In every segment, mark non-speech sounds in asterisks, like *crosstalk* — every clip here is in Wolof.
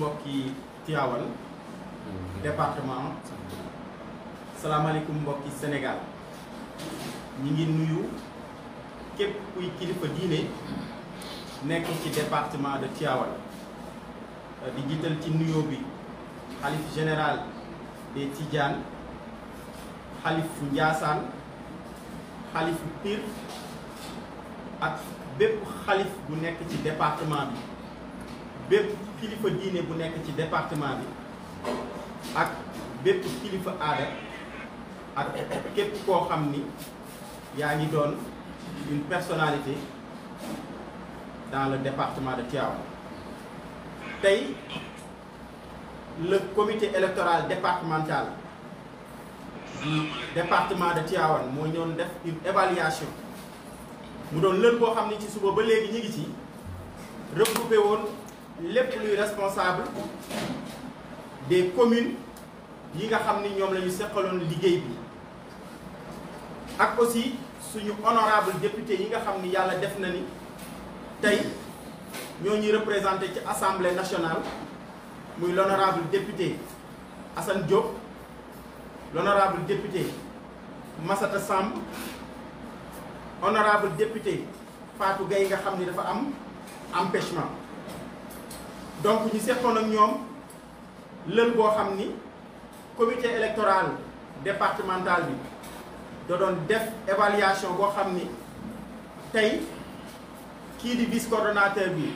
mbokki Tivaouane mhm. département salaamaaleykum mbokki Sénégal ñi ngi nuyu képp kuy kilifa diine nekk ci département de Tivaouane di jiital ci nuyoo bi xalif général des Tidianes xalifu Njaasaan xalifu Pire ak bépp xalif bu nekk ci département bi bépp kilifa diine bu nekk ci département bi ak bépp kilifa aada ak képp koo xam ni yaa ngi doon une personnalité dans le département de Tivaouane tey le comité électoral départemental du département de Tivaouane moo ñoon def une évaluation mu doon lën boo xam ni ci suba ba léegi ñu ngi ci regroupé lépp luy responsable des communes yi nga xam ni ñoom la ñu seqaloon liggéey bi ak aussi suñu honorable député yi nga xam ni yàlla def na ni tey ñoo ñuy représenté ci assemblée nationale muy l'honorable député Assane Diop l'honorable député Massata Samb honorable député Fatou Gaye nga xam ni dafa am empêchement donc ñu seqoon ak ñoom lël boo xam ni comité électoral départemental bi da doon def évaluation boo xam ni tey kii di bis coordonnateur bi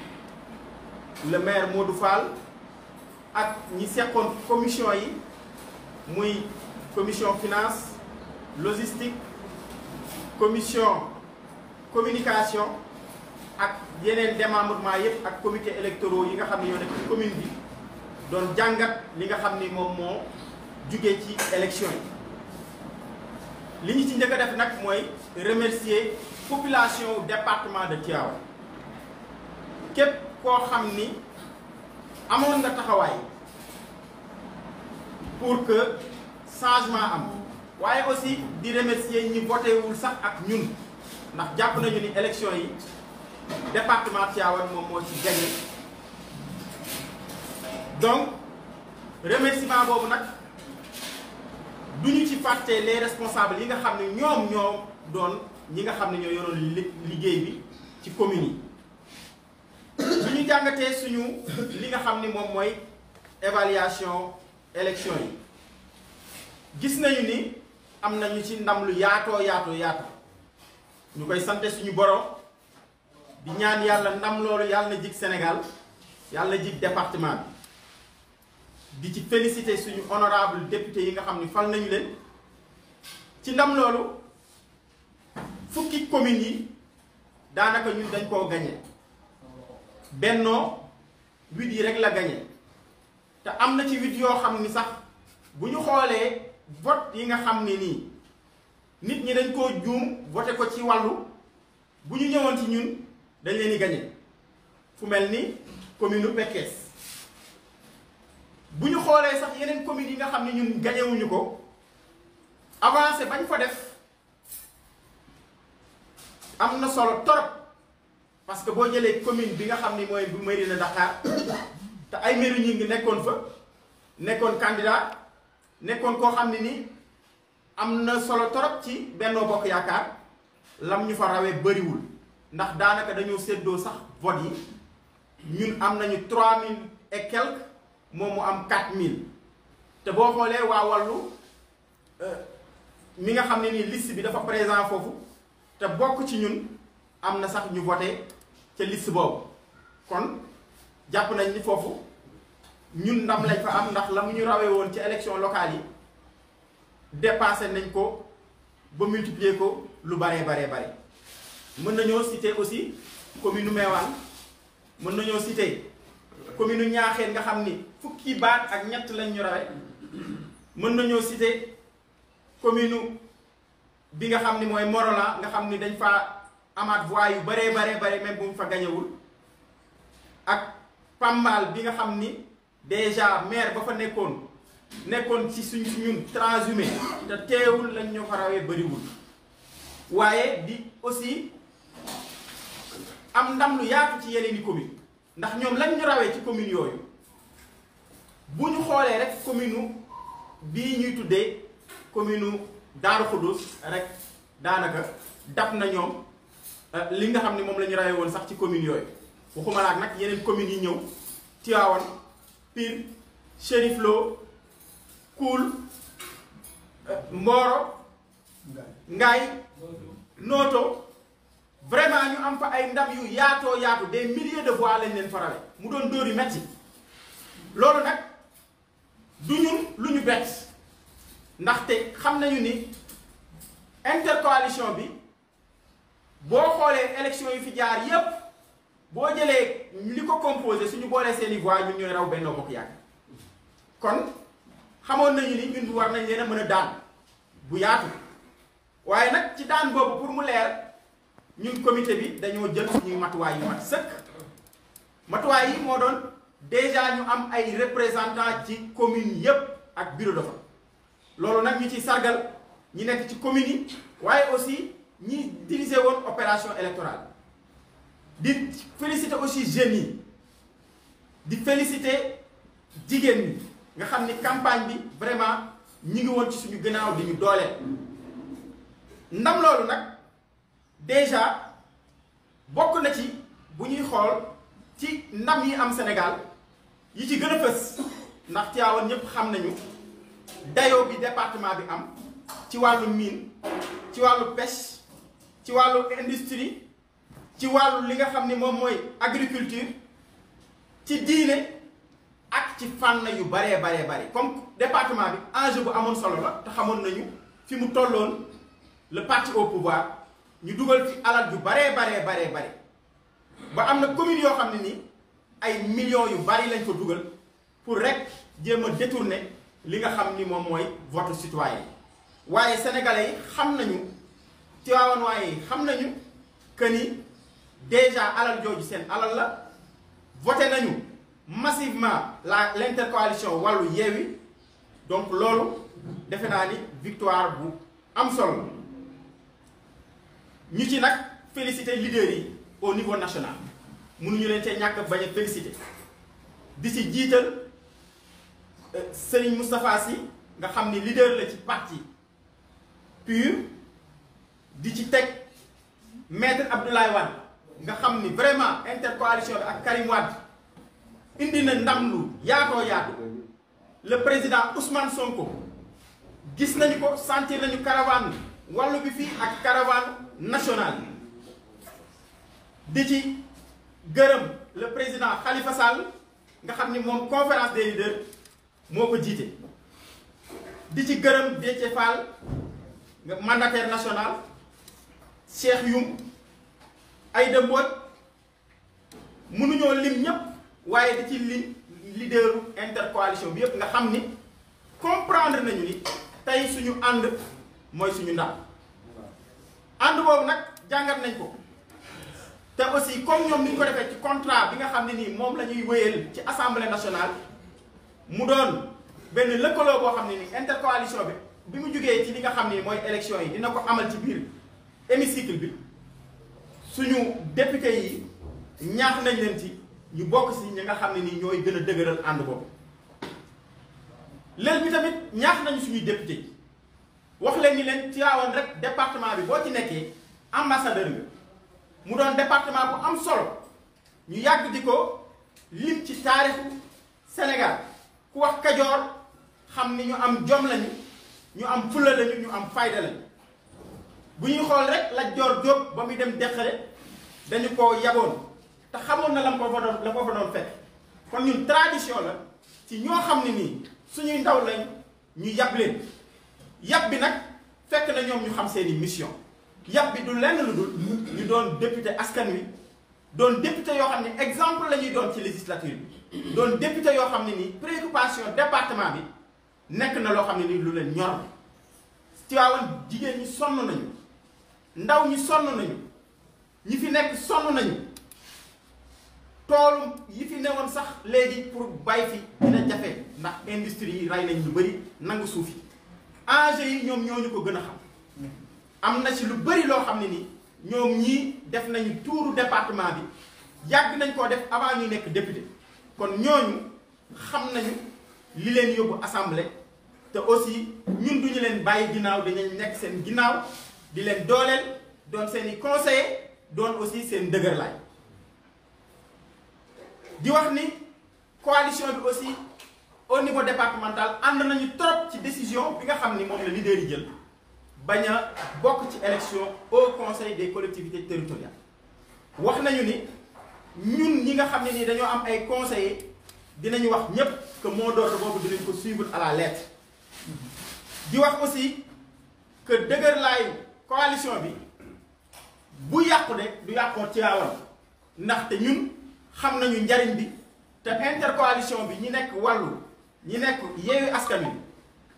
le maire Modou Fall ak ñi seqoon commission yi muy commission finance logistique commission communication yeneen démembrement yëpp ak comité électoraux yi nga xam ne yoo nekk ci bi doon jàngat li nga xam ni moom moo jugee ci élection yi li ñu ci njëkk def nag mooy remercier population département de Tivaouane képp koo xam ni amoon nga taxawaay pour que changement am waaye aussi di remercier ñi voté wul sax ak ñun ndax jàpp nañu ni élection yi département Tivaouane moom moo ci gagné donc remerciement boobu nag du ñu ci fàtte les responsables yi nga xam ne ñoom ñoo doon ñi nga xam ne ñoo yoroon liggéey bi ci commune yi bu ñu jàngatee suñu li nga xam ni moom mooy évaluation élection yi gis nañu ni am nañu ci ndam lu yaatoo yaatoo yaatoo ñu koy sante suñu borom di ñaan yàlla ndam loolu yàlla na jig Sénégal yàlla na jig département bi di ci féliciter suñu honorable député yi nga xam ni fal nañu leen ci ndam loolu fukki communes yi daanaka ñun dañ koo gañe bennoo huit yi rek la gañe te am na ci wit yoo xam ni sax bu ñu xoolee vote yi nga xam ni nii nit ñi dañ koo juum voté ko ci wàllu bu ñu ñëwoon ñun dañ leen di gagné fu mel ni commune u Pekes bu ñu xoolee sax yeneen communes yi nga xam ne ñun gagné ko avancé bañ fa def am na solo torop parce que boo jëlee commune bi nga xam ni mooy bu mairie de te ay mairie ñu ngi nekkoon fa nekkoon candidat nekkoon koo xam ne nii am na solo torop ci Benno Bokk Yaakaar lam ñu fa rawee bëriwul. ndax daanaka dañoo séddoo sax vote yi ñun am nañu trois mille et quelques moom mu am quatre mille te boo xoolee waa wàllu euh, mi nga xam ne nii list bi dafa présent foofu te bokk ci ñun am na sax ñu vote ca list boobu kon jàpp nañ ni foofu ñun ndam lañ fa am ndax la mu ñu rawee woon ci élection locale yi dépassé nañ ko ba multiplier ko lu baree baree bare mën nañoo citer aussi commune Meewaan mën nañoo citer commune Ñaaxeen nga xam ni fukki baat ak ñett lañ ñu mën nañoo citer commune bi nga xam ni mooy Morolan nga xam ni dañ fa amaat voix yu baree baree bare même bu fa gañewul ak Pambal bi nga xam ni déjà maire ba fa nekkoon nekkoon ci suñ ñun transhumé te teewul lañ ñu fa rawee bëriwul waaye di aussi am ndam lu yaatu ci yeneen i commune ndax ñoom lañ ñu rawee ci commune yooyu bu ñu xoolee rek commune bii ñuy tuddee commune Daaru Xudus rek daanaka dab na ñoom euh, li nga xam ne moom la ñu rawee woon sax ci commune yooyu waxuma laak nag yeneen communes yi ñëw Tivaouane Pire Chérif Lo Koul euh, Mboro Nooto vraiment ñu am fa ay ndam yu yaatoo yaatu des millier de voix lañ leen farale mu doon dóor yu metti loolu nag du ñun lu ñu bett ndaxte xam nañu ni intercoalition bi boo xoolee élection yu fi jaar yépp boo jëlee li ko composé suñu boolee seeni voix ñun ñooy raw Benno Bokk Yaakaar kon xamoon nañu ni ñun war nañ leen a mën a daan bu yaatu waaye nag ci daan boobu pour mu leer ñun comité bi dañoo jël suñuy matuwaay yu mat sëkk matuwaay yi moo doon déjà ñu am ay représentants ci commune yépp ak bureau de loolu nag ñu ci sargal ñi nekk ci commune yi waaye aussi ñi diriger woon opération électorale di féliciter aussi jeunes yi di féliciter jigéen ñi nga xam ni campagne bi vraiment ñi ngi woon ci suñu gannaaw di ñu dooleel ndam loolu nag. déjà bokk na ci bu ñuy xool ci ndam yi am Sénégal yi ci gën a fës ndax Tivaouane ñëpp xam nañu dayoo bi département bi am ci wàllu mine ci wàllu pêche ci wàllu industrie ci wàllu li nga xam ni moom mooy agriculture ci diine ak ci fànn yu baree baree bari comme département bi enjeu bu amoon solo la te xamoon nañu fi mu tolloon le parti au pouvoir ñu dugal ci alal yu baree baree baree bare ba am na commune yoo xam ne ni ay millions yu bari lañ ko dugal pour rek jéem a détourner li nga xam ni moom mooy vote citoyen yi waaye sénégalais yi xam nañu Tivaouane waaye yi xam nañu que ni déjà alal jooju seen alal la voté nañu massivement la l'intercoalition wàllu yeewi donc loolu defe naa ni victoire bu am sol ñu ci nag féliciter leaders yi o niveau national mënuñu leen ce ñàkk bañ a di ci jiital euh, Serigne Moustapha si nga xam ni leader la ci parti PUR di ci teg maître Abdoulaye Wade nga xam ni vraiment intercoalition bi ak Karim Wade indi na ndam lu yaatoo yaatu le président Ousmane Sonko gis nañu ko sentir nañu caravane wàllu bi fii ak caravane. nationale di ci gërëm le président Khalifa Sall nga xam ni moom conférence des leaders moo ko jiite di ci gërëm Déthié Fall nga mandataire national Cheikh Youm Aïda Mbodj mënuñoo lim ñépp waaye di ci lim leaderu intercoalition bi yépp nga xam ni comprendre nañu ni tey suñu ànd mooy suñu ndam ànd boobu nag jàngat nañ ko te aussi comme ñoom ni ñu ko defee ci contrat bi nga xam ne nii moom la ñuy wéyal ci assemblée nationale mu doon benn lëkkaloo boo xam ne nii intercoalition bi bi mu jógee ci li nga xam ni mooy élection yi dina ko amal ci biir hémicycle bi suñu député yi ñaax nañ leen ci ñu bokk si ñi nga xam ne nii ñooy gën a dëgëral ànd boobu léegi bi tamit ñaax nañu suñuy député yi wax leen ni leen Tivaouane rek département bi boo ci nekkee ambassadeur nga mu doon département bu am solo ñu yàgg di ko lim ci taarixu Sénégal ku wax Kajoor xam ni ñu am jom lañu ñu am fulla lañu ñu am fayda lañu bu ñuy xool rek la joor jóg ba muy dem de dañu ko yagoon te xamoon na la ko fa doon la ko fa doon fekk kon ñun tradition la ci ñoo xam ne nii suñuy ndaw lañ ñu yab leen yab bi nag fekk na ñoom ñu xam seeni mission yab bi du lenn lu ñu doon député askan wi doon député yoo xam ne exemple la ñuy doon ci législature bi doon député yoo xam ne nii préoccupation département bi nekk na loo xam ne nii lu leen ñor Tivaouane jigéen ñi sonn nañu ndaw ñi sonn nañu ñi fi nekk sonn nañu toolu yi fi newoon sax léegi pour bay fi dina jafe ndax industrie yi rey nañ lu bëri nangu suuf yi enjeux yi ñoom ñoo ñu ko gën a xam am na ci lu bëri loo xam ne ni ñoom ñii def nañu tuuru département bi yàgg nañ koo def avant ñu nekk député kon ñooñu xam nañu li leen yóbbu assemblée te aussi ñun duñu leen bàyyi ginnaaw dañuy nekk seen ginnaaw di leen dooleel doon seen i conseiller doon aussi seen dëgërlaay di wax ni coalition bi aussi au niveau départemental ànd nañu trop ci décision bi nga xam ni moom la leader yi jël bañ a bokk ci élection au conseil des collectivités territoriales wax nañu ni ñun ñi nga xam ne nii dañoo am ay conseillers dinañu wax ñépp que moo doon boobu dinañ ko suivre à la lettre di wax aussi que dëgërlaayu coalition bi bu yàqu de du yàqoo ci waawoon ndaxte ñun xam nañu njariñ bi te intercoalition bi ñu nekk wàllu ñi nekk yeewi askan wi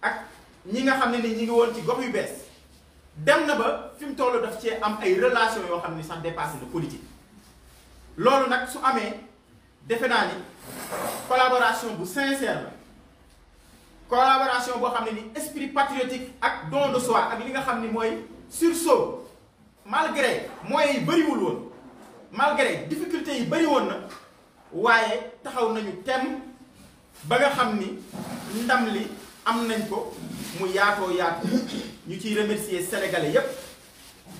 ak ñi nga xam ne ni ñi ngi woon ci gox yu bees dem na ba fi mu toll daf cee am ay relation yoo xam ne sax dépassé na politique loolu nag su amee defe naa ni collaboration bu sincère la collaboration boo xam ne ni esprit patriotique ak don de soi ak li nga xam ni mooy sursaut malgré mooy yi bëriwul woon malgré difficultés yi bëri woon na waaye taxaw nañu tem ba nga xam ni ndam li am nañ ko mu yaatoo yaatu ñu ciy remercier sénégalais yépp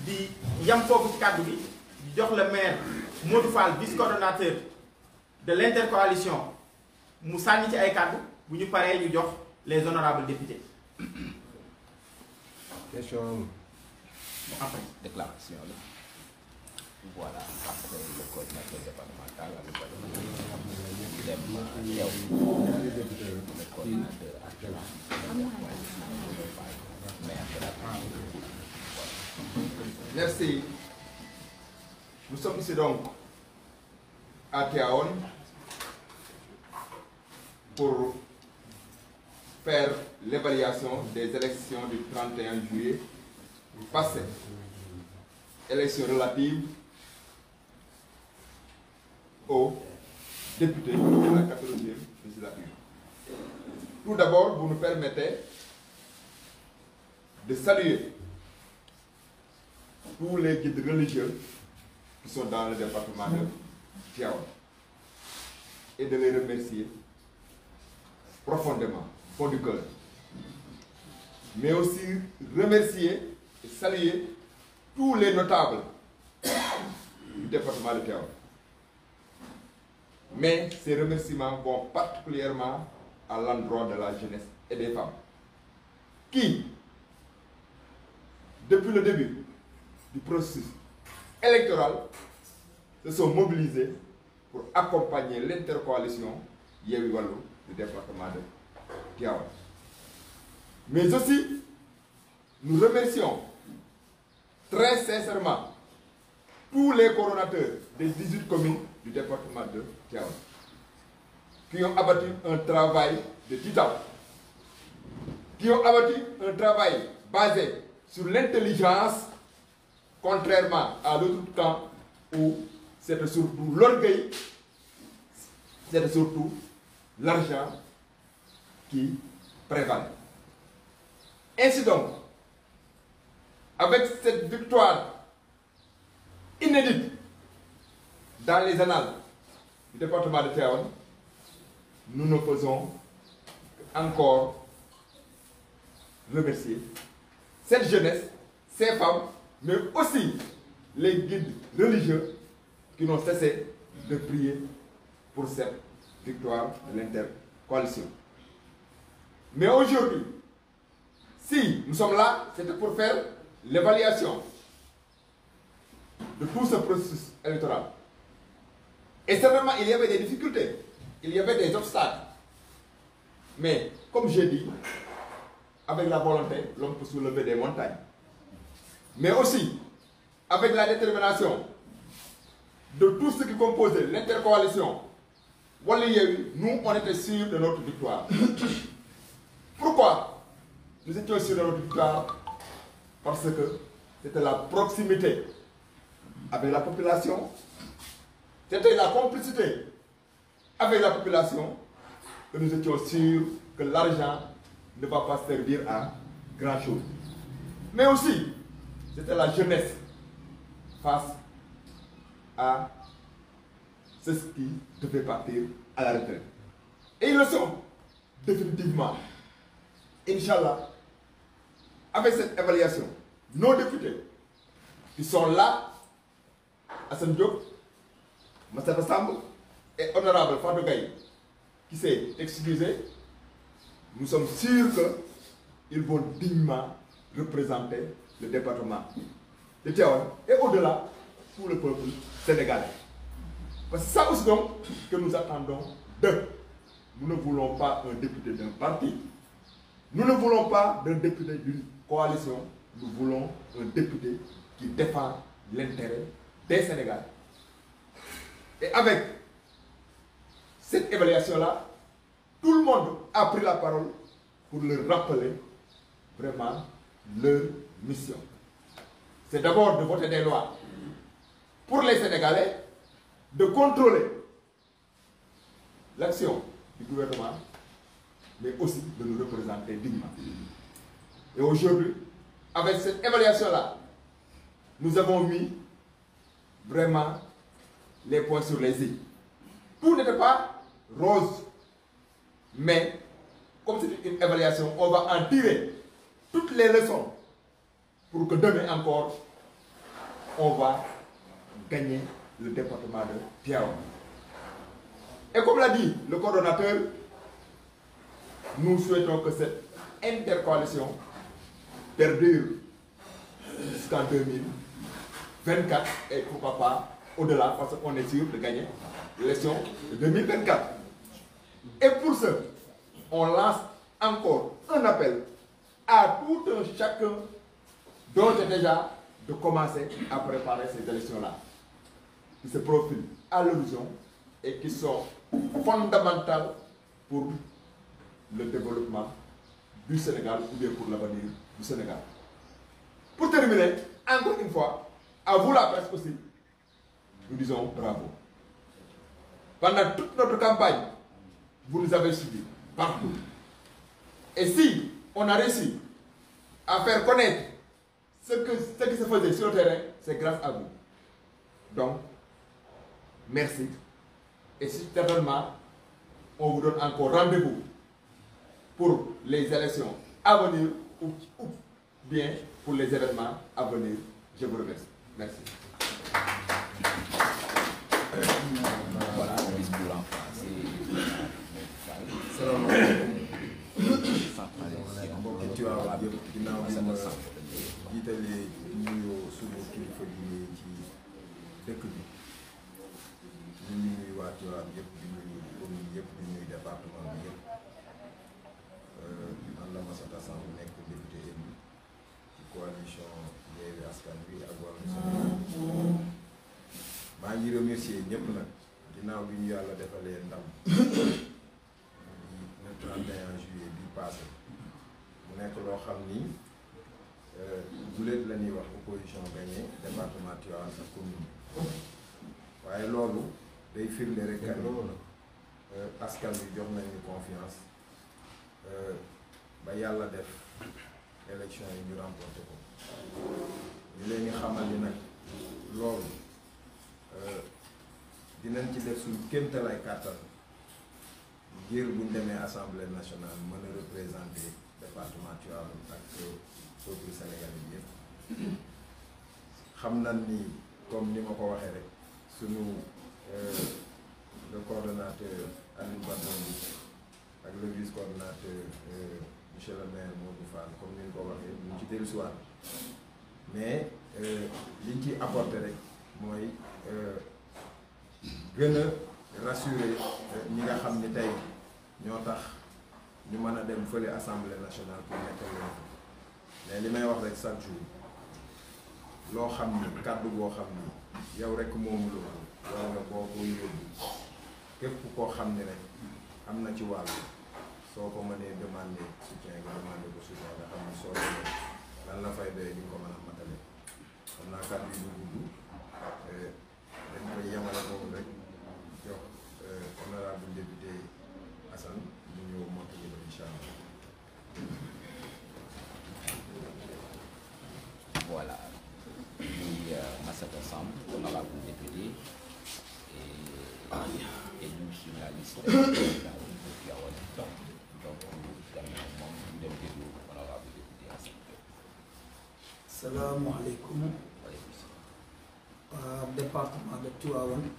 di yam foofu ci kàddu bi di jox le maire Modou Fall vice coordonnateur de l'intercoalition mu sànni ci ay kàddu bu ñu paree ñu jox les honorables députés. dem yow Merci. Nous sommes donc à Théaon pour faire l'évaluation des élections du 31 juillet passé. Élections relatives au député de la 14e législature. Tout d'abord, vous nous permettez de saluer tous les guides religieux qui sont dans le département de Tiaon et de les remercier profondément, fond du cœur. Mais aussi remercier et saluer tous les notables du département de Tiaon Mais ces remerciements bon particulièrement à l'endroit de la jeunesse et des femmes, qui, depuis le début du processus électoral, se sont mobilisées pour accompagner l'intercoalition Yewi Wallo du département de Tiawa. Mais aussi, nous remercions très sincèrement tous les coordonnateurs des 18 communes du département de Tivaouane qui ont abattu un travail de titan qui ont abattu un travail basé sur l'intelligence contrairement à l'autre temps où c'était surtout l'orgueil c'était surtout l'argent qui prévalait ainsi donc avec cette victoire inédite dans les annales département de Tivaouane nous ne faisons encore remercier cette jeunesse, ces femmes, mais aussi les guides religieux qui n'ont cessé de prier pour cette victoire de l'intercoalition. Mais aujourd'hui, si nous sommes là, c'était pour faire l'évaluation de tout ce processus électoral. Et certainement, il y avait des difficultés, il y avait des obstacles. Mais comme j'ai dit, avec la volonté, l'homme peut soulever des montagnes. Mais aussi, avec la détermination de tout ce qui composait l'intercoalition, nous, on était sûrs de notre victoire. *coughs* Pourquoi nous étions sûrs de notre victoire Parce que c'était la proximité avec la population, C'était la complicité avec la population que nous étions sûrs que l'argent ne va pas servir à grand chose. Mais aussi, c'était la jeunesse face à ce qui devait partir à la retraite. Et ils le sont, définitivement. Inch'Allah, avec cette évaluation, nos députés qui sont là, à Saint-Diop, Massata Samb et honorable Fatou Gaye qui s'est excusé nous sommes sûrs que ils vont dignement représenter le département de Tivaouane et au-delà pour le peuple sénégalais parce que ça aussi donc que nous attendons d'eux nous ne voulons pas un député d'un parti nous ne voulons pas d'un député d'une coalition nous voulons un député qui défend l'intérêt des Sénégalais Et avec cette évaluation-là, tout le monde a pris la parole pour le rappeler vraiment leur mission. C'est d'abord de voter des lois pour les Sénégalais, de contrôler l'action du gouvernement, mais aussi de nous représenter dignement. Et aujourd'hui, avec cette évaluation-là, nous avons mis vraiment les points sur les i. Tout n'était pas rose. Mais, comme c'est une évaluation, on va en toutes les leçons pour que demain encore, on va gagner le département de Piaon. Et comme l'a dit le coordonnateur, nous souhaitons que cette intercoalition perdure jusqu'en 2024 et pourquoi pas au-delà parce qu'on est sûr de gagner l'élection de 2024. Et pour ce, on lance encore un appel à tout un chacun dont déjà de commencer à préparer ces élections-là, qui se profilent à l'horizon et qui sont fondamentales pour le développement du Sénégal ou bien pour l'avenir du Sénégal. Pour terminer, encore une fois, à vous la presse aussi, nous disons bravo. Pendant toute notre campagne, vous nous avez suivis partout. Et si on a réussi à faire connaître ce, qui se faisait sur le terrain, c'est grâce à vous. Donc, merci. Et certainement, on vous donne encore rendez-vous pour les élections à venir ou, ou bien pour les événements à venir. Je vous remercie. Merci. voilà discours en français. jiitale nuyoo suñu kilifa bi ci dëkk bi. remercier ñëpp nag ginnaaw bi ñu yàlla defalee ndam *coughs* le 31 juillet bi passé mu nekk loo xam ni guléet euh, la ñuy wax opposition gagné département Tivaouane ak commune waaye loolu day firnde rek kan euh, askan bi jox nañu confiance euh, ba yàlla def élection yi ñu remporté ko ñu leen xamal nag loolu dinañ ci def suñu kéemtalaay kàttan ngir buñ demee assemblée nationale mën a représenter département Tivaouane ak peuple sénégalais bi yëpp xam nañ ni comme ni ma ko waxee rek suñu euh, le coordonnateur Aliou Badon bi ak le vice coordonnateur euh, monsieur le maire Modou Fall comme ni ñu ko waxee ñu ci dellusiwaat mais euh, liñ ci apporté rek mooy. gën rassurer ñi nga xam ni tey ñoo tax ñu mën a dem fële assemblée nationale pour nekkal leen mais li may wax rek chaque jour loo xam ni kàddu goo xam ni yow rek moomu loolu war nga boo koy yóbbu képp koo xam ni rek am na ci wàll soo ko mënee demandé soutien nga xam ni soo lan la fay doyee di nga ko mën a matale xam naa kàddu yi du gudd eh, dañ koy yemale boobu rek. salaamaaleykum département de Tivaouane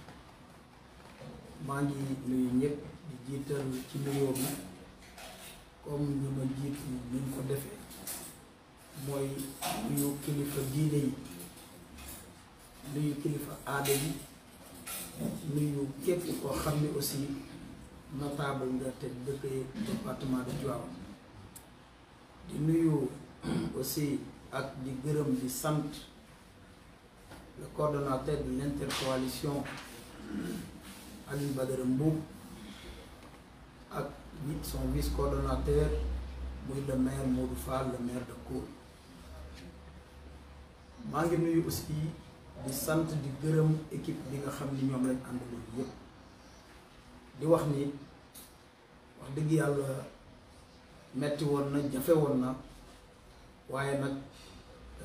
maa ngi nuyu ñëpp di jiital ci nuyoo bi comme ñu ma jiitu ñu ko defee mooy nuyu kilifa diine yi nuyu kilifa aada yi nuyu képp koo xam ne aussi notable nga te dëkk département de Tivaouane di nuyu aussi ak di gërëm di sant le coordonnateur de l'intercoalition Aliou Badara Mboup ak son vice coordonnateur muy le maire Modou le maire de Kour maa ngi nuyu aussi di sant di gërëm équipe bi nga xam ni ñoom lañ àndaloon yëpp di wax ni wax dëgg yàlla metti woon na jafe woon na waaye nag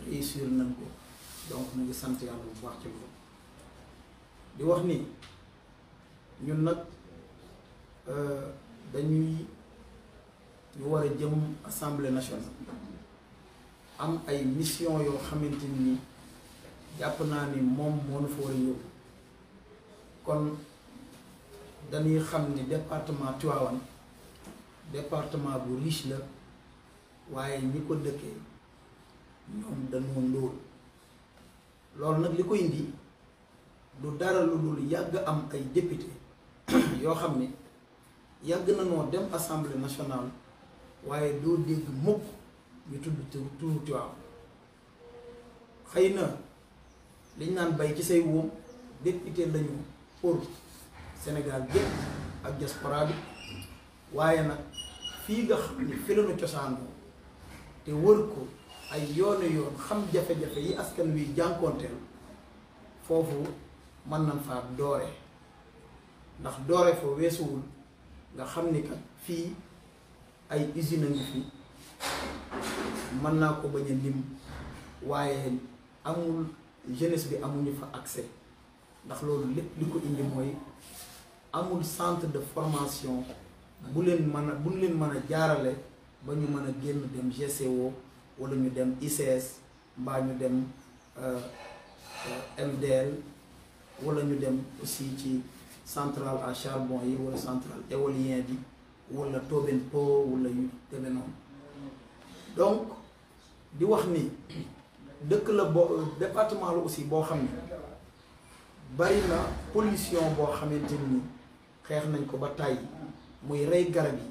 réussir nañ ko donc mu ngi sant yàlla bu baax ci loolu di wax ni ñun nag euh, dañuy ñu war a jëm assemblée nationale am ay mission yoo xamante ni jàpp naa ni moom moo nu fa war yóbbu kon dañuy xam ni département Tivaouane département bu riche la waaye ñi ko dëkkee ñoom dañoo ndóol loolu nag li koy indi du dara lu dul yàgg am ay député *clears throat* yoo xam ni yàgg na noo dem assemblée nationale waaye doo dégg mukk ñu tudd turu Tivaouane xëy na liñ naan bay ci say wóom député lañu pour Sénégal gépp ak diaspora waaye nag fii nga xam ne fi la cosaanoo te wër ko ay yoonu yoon xam jafe-jafe yi askan wi jànkoonteel foofu mën nañ faa doore ndax doore fa weesuwul nga xam ni kat fii ay usine a ngi fi mën naa ko bañ a lim waaye amul jeunesse bi amuñu fa accès ndax loolu lépp li ko indi mooy amul centre de formation bu leen mën a bu leen mën a jaarale ba ñu mën a génn dem GCO wala ñu dem ICS mbaa ñu dem MDL euh, wala ñu dem aussi ci centrale à charbon yi wala centrale éolien bi wala Tobempo wala yu demee donc di wax ni dëkk la boo département la aussi boo xam ne bari na pollution boo xamante ni. xeex nañ ko ba tàyyi muy rey garab yi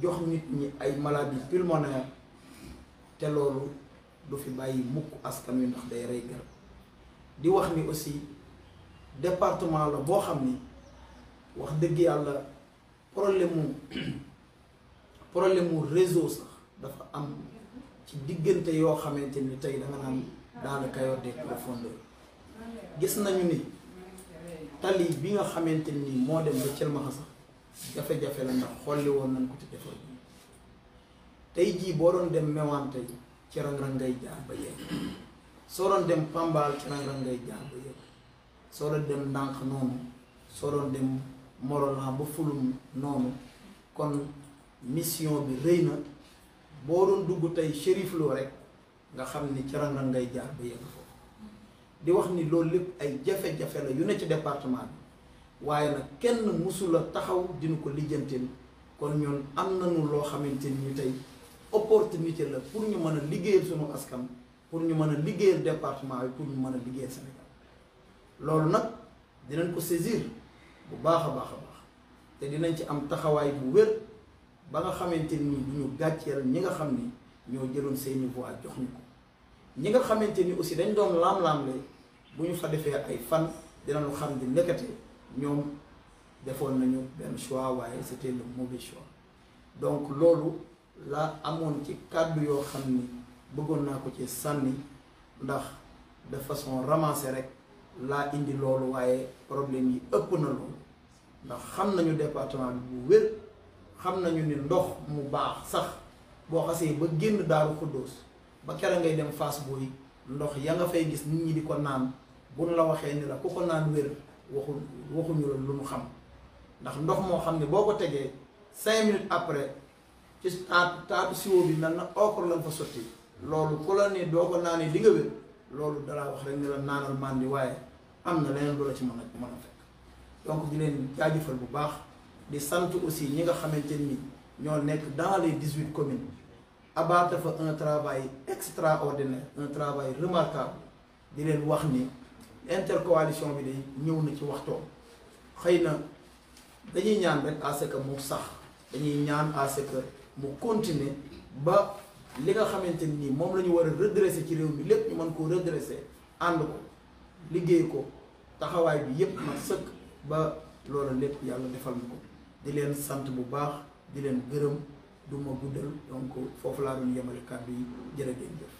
jox nit ñi ay maladie pulmonaire te loolu du fi bàyyi mukk askan wi ndax day rey garab di wax ni aussi département la boo xam ni wax dëgg yàlla problème mu *clears throat* problème réseau sax dafa am ci diggante yoo xamante ni tey danga naan dans le Kayor gis nañu ni tali bi nga xamante nii moo dem ba Thielmaxa sax jafe-jafe la ndax xolli woon nañ ko ci defar bi tey jii boo doon dem Mewante ci rang-rang ngay jaar dem Pambal ci rang-rang ngay jaar ba yegg soo doon dem ndànk noonu soo doon dem Morolan ba fulum noonu kon mission bi rëy na boo doon dugg tey Chérif Lo rek nga xam ni ci rang-rang ngay jaar ba yegg foofu di wax ni loolu lépp ay jafe-jafe la yu ne ci département bi waaye nag kenn musula taxaw dina ko lijjantil kon ñun am nañu loo xamante ni tey opportunité la pour ñu mën a liggéeyal sunu askan pour ñu mën a liggéeyal département bi pour ñu mën a liggéeyal Sénégal loolu nag dinañ ko saisir bu baax a baax a baax te dinañ ci am taxawaay bu wér ba nga xamante ni du ñu gàcceel ñi nga xam ni ñoo jëloon seeni voix jox ñu ko ñi nga xamante ni aussi dañ doon laam-laamle bu ñu fa defee ay fan dinañu xam di nekkati ñoom defoon nañu benn choix waaye c'était le mauvais choix donc loolu laa amoon ci kàddu yoo xam ni bëggoon naa ko ci sànni ndax de façon ramassée rek laa indi loolu waaye problème yi ëpp na loolu ndax xam nañu département bi bu wér xam nañu ni ndox mu baax sax boo xasee ba génn daaru xuddoos ba kera ngay dem Fass booy ndox yaa nga fay gis nit ñi di ko naan buñ la waxee ni la ku ko naan wér waxu waxuñu la lu mu xam ndax ndox moo xam ne boo ko tegee cinq minutes après ci taatu taatu siwo bi mel na okra lañ fa sotti loolu ku la ne doo ko naanee di nga wér loolu dalaa wax rek ni la naanal màndi waaye am na leneen lu ci mën a mën a fekk donc di leen jaajëfal bu baax di sant aussi ñi nga xamante ni ñoo nekk dans les dix huit commune abaat dafa un travail extraordinaire un travail remarquable di leen wax ni intercoalition bi de ñëw na ci waxtoom xëy na dañuy ñaan rek à que mu sax dañuy ñaan à ce que mu continuer ba li nga xamante nii moom la ñu war a redresser ci réew mi lépp ñu mën koo redresser ànd ko liggéey ko taxawaay bi yépp ma sëkk ba loolu lépp yàlla defal na ko di leen sant bu baax di leen gërëm du ma guddal donc foofu laa doon yemale kàddu yi jërë ngeen